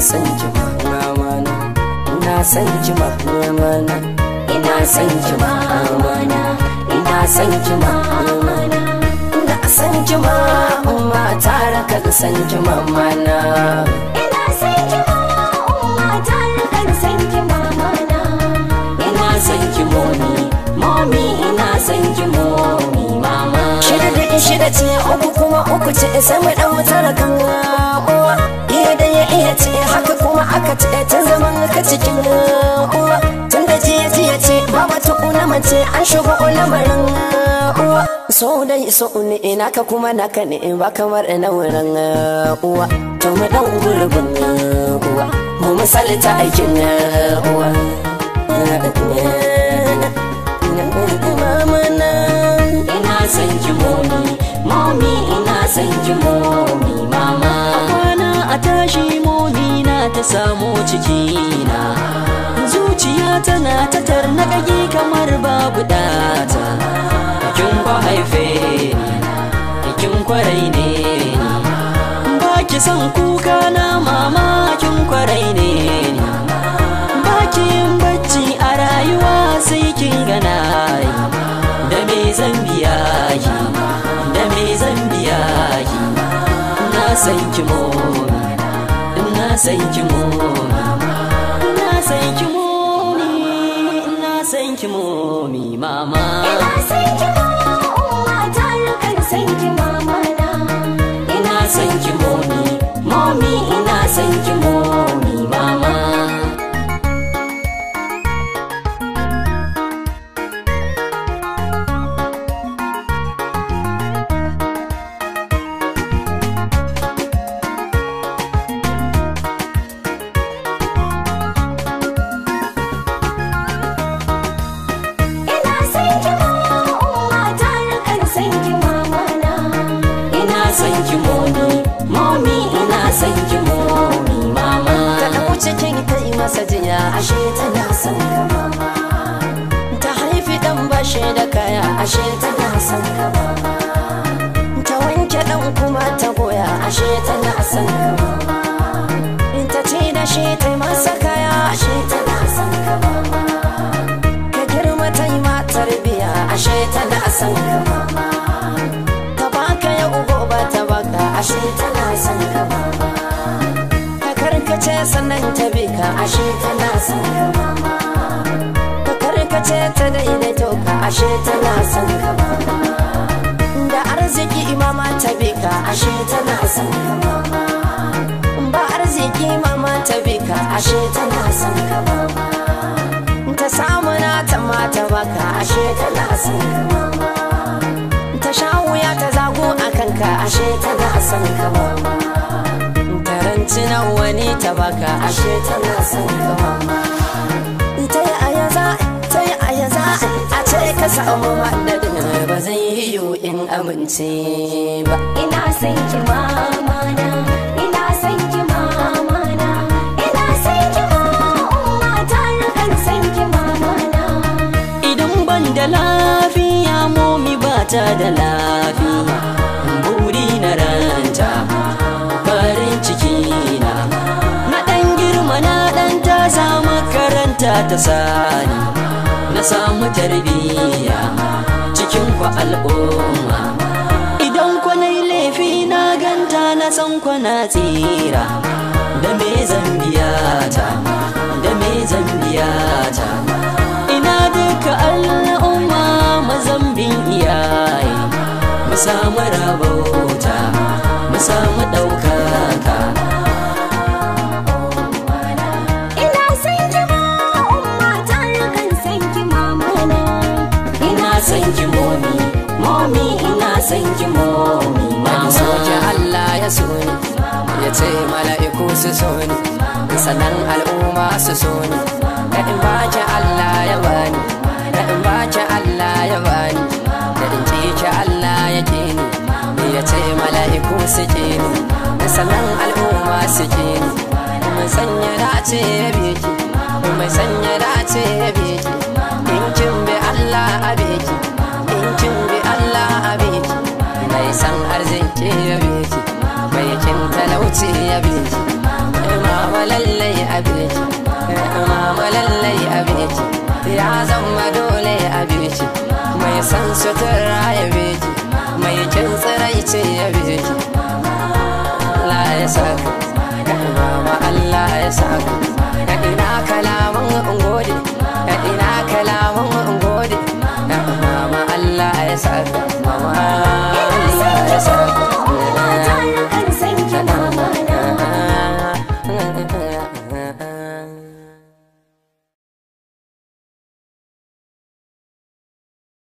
san ki mamana ina san ki mamana ina san ki mamana ina san ki mamana ina san ki mamma tare ka san ki mamana ina san ki mamma tare ka san ki mamana ina san ki momi momi ina san ki momi mama shida da shida ce uku kuma uku ce sai mu dan mutara kan uwa iya ce haka kuma aka ce tun zaman ka cikin uwa tun da jiya jiya ce ba wata ulama ce an shigo ulamarin uwa so dai so ne ina ka kuma naka ne ba kamar na wurin uwa to mu dan gurbin uwa mu misali ta aikin uwa Mama na ina san ki momi momi ina san ki momi ta shi munina ta samu cikina zuciya tana ta tarnaƙaƙi kamar babu data kin kwa haife ni kin kwarai ne ni ba ki san kuka na mama kin kwarai ne ni ba ki yin bacci a rayuwa sai kin gana da me zan biya ki da me zan biya ki na san ki mo ina san ki mu mama ina san ki mu ni ina san ki mu mi mama ina san ki mu umma ta kan san ki mama na ina san ki mu ni mommy ina san ki mu san ki momi momi ina san ki momi mama kada ku cikin ta yi masa jiya ashe tana san ka mama ta haifi dan bashe da kaya ashe tana san ka mama ta wanke dan kuma ta goya ashe tana san ka mama ta ce da shi ta masa kaya ashe tana san ka mama ka girma ta yi matar biya ashe tana san ka mama ashe tana son ka mama ka karkace sannan ta bi ka ashe tana son ka mama ka karkace ta daidaito ka ashe tana son ka ba. da arziki imama ta bi ka ashe tana son ka mama ba arziki mama ta bi ka ashe tana son ka ba. ta samu na ta mata baka ashe tana son ka ba. baka ashe ta ga Hassan ka mama na wani ta baka ashe ta na san ka mama ta yi aya za ta yi aya za a ce ka samu madadin ba zan yi yiwu in amince ba ina san ki mama na ina idan ban da lafiya ta da lafiya buri na ranta farin ciki na na ɗan girma na ɗan ta makaranta ta sani na samu tarbiyya cikin ku al'umma idan ku na laifi na ganta na san ku na tsira da me zan ta da me zan mu samu rabauta mu samu ɗaukaka ina san ki ma umma ta kan san ki mamana ina san momi momi ina san ki momi mama ki Allah ya soni ni ya ce mala'iku su soni ni sanan al'umma su soni da in ba Allah ya bani da in ba Allah ya bani da in ce ki Allah yake ni ya ce mala'iku suke ni da sanan al'umma suke ni mai sanya dace ya beki mai sanya dace ya beki in kin bi Allah a beki in kin bi Allah a beki mai san arziki ya beki mai kin talauci ya beki mama lallai a beki mama lallai a beki ya zama dole a beki mai san sutura ya beki kin tsirai ce ya bije ki Allah ya saka kai ina kalaman ungode ina kalaman ungode